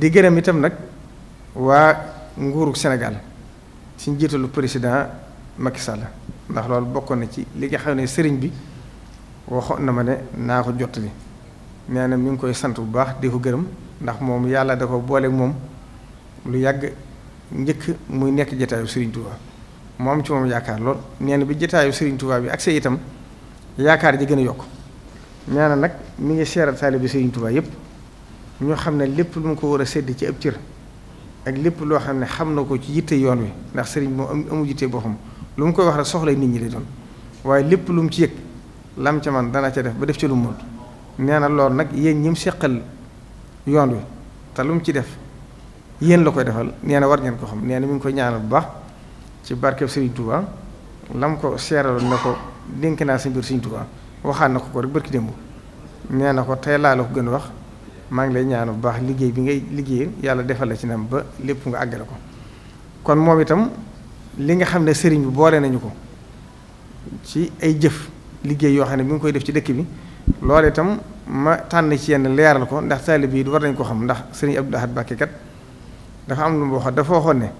di gërëm itam nag waa nguuru Sénégal ci njiitalu président Macky Sall ndax loolu bokkoon na ci li nga xam ne sëriñ bi waxoon na ma ne naa ko jottali nee na mi ngi koy sant bu baax di ko gërëm ndax moom yàlla da ko boole moom lu yàgg njëkk muy nekk jataayu sëriñ Touba mu am ci moom yaakaar lool nee na bi jataayu sëriñ Touba bi ak see itam yaakaar ji gën a yokk nee na nag mi ngi seeral bi sëriñ Touba yëpp. ñu xamne lépp lu mu ko wara sédd ci ab cër ak lépp lo xamne ne ko ci yitte yoon wi ndax sëriñ mo amu yitte boppam lu mu koy wax rek soxlay nit ñi lay doon waye lépp lu mu ci yek lam ci man dana ca def ba def ci lu mu neena lool nak yéen ñim sekkal yoon wi ta lu mu ci def yéen la koy defal neena war ngeen ko xam neena mi ngi koy ñaanal bu ci barke sëriñ Touba lam ko séral nako ko dénk naa sa sëriñ Touba waxaan na ko ko rek barki dembu neena ko tay la la ko gën wax. maa ngi lay ñaan bu baax liggéey bi ngay liggéey yàlla defal la ci nam ba lépp nga àggale ko kon moom itam li nga xam ne sëriñ bi boole nañu ko ci ay jëf liggéey yoo xam ne mi ngi koy def ci dëkk bi loolu itam ma tànn ci yenn leeral ko ndax taalibe yi war nañ ko xam ndax sëriñ Abdou Ahad Mbacké kat dafa am lu mu waxoon dafa waxoon ne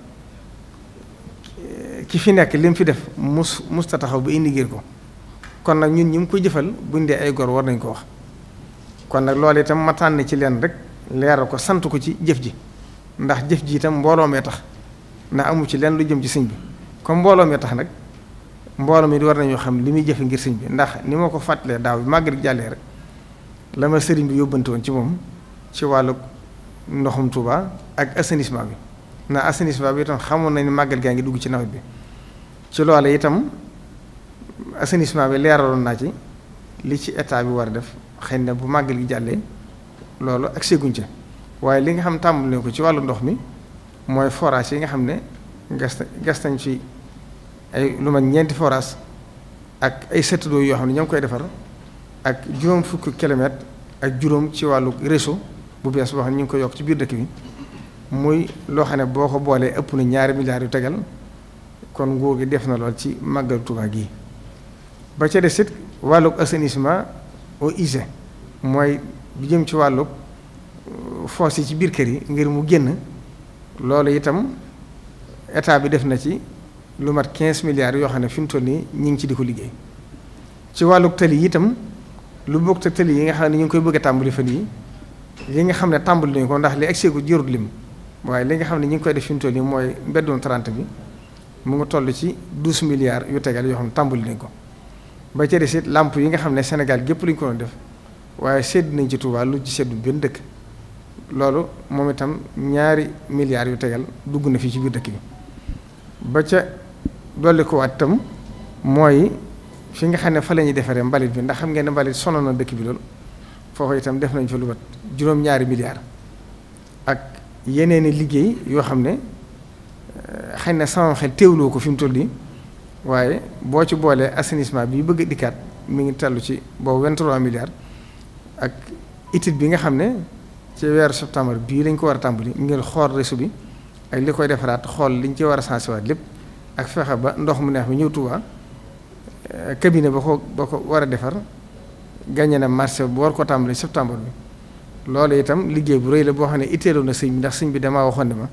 eh, ki fi nekk li mu fi def mus musta taxaw ba indi ngir ko kon nag ñun ñi mu ko jëfal buñ dee ay gor war nañ ko wax kon nag loolu itam ma tànn ci leen rek leeral ko sant ko ci jëf ji ndax jëf ji itam mbooloo mee tax ndax amu ci leen lu jëm ci sëñ bi comme mbooloo mee tax nag mbooloo mi war nañoo xam li muy jëfe ngir sëñ bi ndax ni ma ko fàttalee daaw bi màggal jàllee rek la ma sëriñ bi yóbbante woon ci moom ci wàllu ndoxum Touba ak assainissement bi ndax assainissement bi itam xamoon nañu màggal gaa ngi dugg ci nawet bi ci loole itam assainissement bi leeraloon naa ci li ci état bi war a def xëy na bu màggal gi jàllee loolu ak seguñ ca waaye li nga xam tàmbali nañ ko ci wàllu ndox mi mooy forage yi nga xam ne gas gas nañ ci ay lu mag ñeenti forage ak ay château yoo xam ne ñoo ngi koy defar ak juróom fukki kilomètre ak juróom ci wàllu réseau bu bees boo xam ne ñu ngi ko yokk ci biir dëkk bi muy loo xam ne boo ko boolee ëpp na ñaari milliards yu tegal kon nguur gi def na lool ci màggal Tuubaa gi ba ca des it wàllug assainissement au hygiène mooy bi jëm ci wàllu euh, foos yi ci biir kër yi ngir mu génn loolu itam état bi def na ci lu mat quinze milliards yoo xam ne fi mu toll nii ñu ngi ci di ko liggéey ci wàllu tali yi itam lu bokk te tali yi nga xam ne ñu koy bëgg a fa fan yi li nga xam ne tàmbali nañu ko ndax li egseeku jërut lim waaye li nga xam ne ñu ngi koy def fi nii mooy mbeddum 30 bi mu ngi toll ci douze milliards yu tegal yoo xam ne tàmbali nañ ko ba ca des làmp yi nga xam ne Sénégal gépp lañ ko doon def. waaye sedd nañ ci Touba lu ci seddul benn dëkk loolu moom itam ñaari milliards yu tegal dugg na fii ci biir dëkk bi ba ca dolli ko waat itam mooy fi nga xam ne fa la ñuy defaree mbalit bi ndax xam ngeen ne mbalit sono na dëkk bi loolu foofu itam def nañ fa lu mat juróom-ñaari milliards ak yeneen i liggéey yoo xam ne eh, xëy na sama xel teewloo ko fi mu toll nii waaye boo ci boolee assainissement bi ñu bëgg a dikkaat mi ngi tallu ci boobu 23 milliards. ak étude bi nga xam ne ci weeru septembre bii lañ ko war a tàmbali ngir xool réseau bi ak li koy defaraat xool liñ ci war a sensibiliser lépp ak fexe ba ndox mu neex bi ñëw Tuuba eh, cabinet ba ko ba ko war a defar gagné na marché bu war ko tàmbali septembre bi loolu itam liggéey bu rëy la boo xam ne itteeloon na sëñ bi ndax sëñ bi damaa waxoon ne ma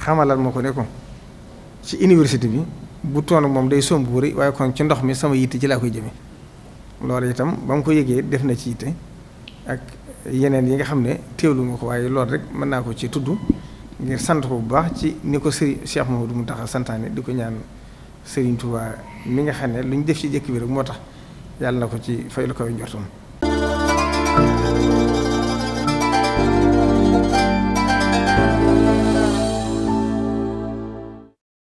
xamalal ma ko ne ko ci université bi bu toon moom day somb bu rëy waaye kon ci ndox mi sama yitte ci laa koy jëmee. loolu itam ba mu ko yëgee def na ci yitte ak yeneen yi nga xam ne teewlu nga ko waaye loolu rek mën naa ko ci tudd ngir sant ko bu baax ci ni ko sëriñ du mu Mountakha santaane di ko ñaan sëriñ Touba mi nga xam ne lu ñu def ci jëkk bi rek moo tax yàlla na ko ci fay lu koy njortoon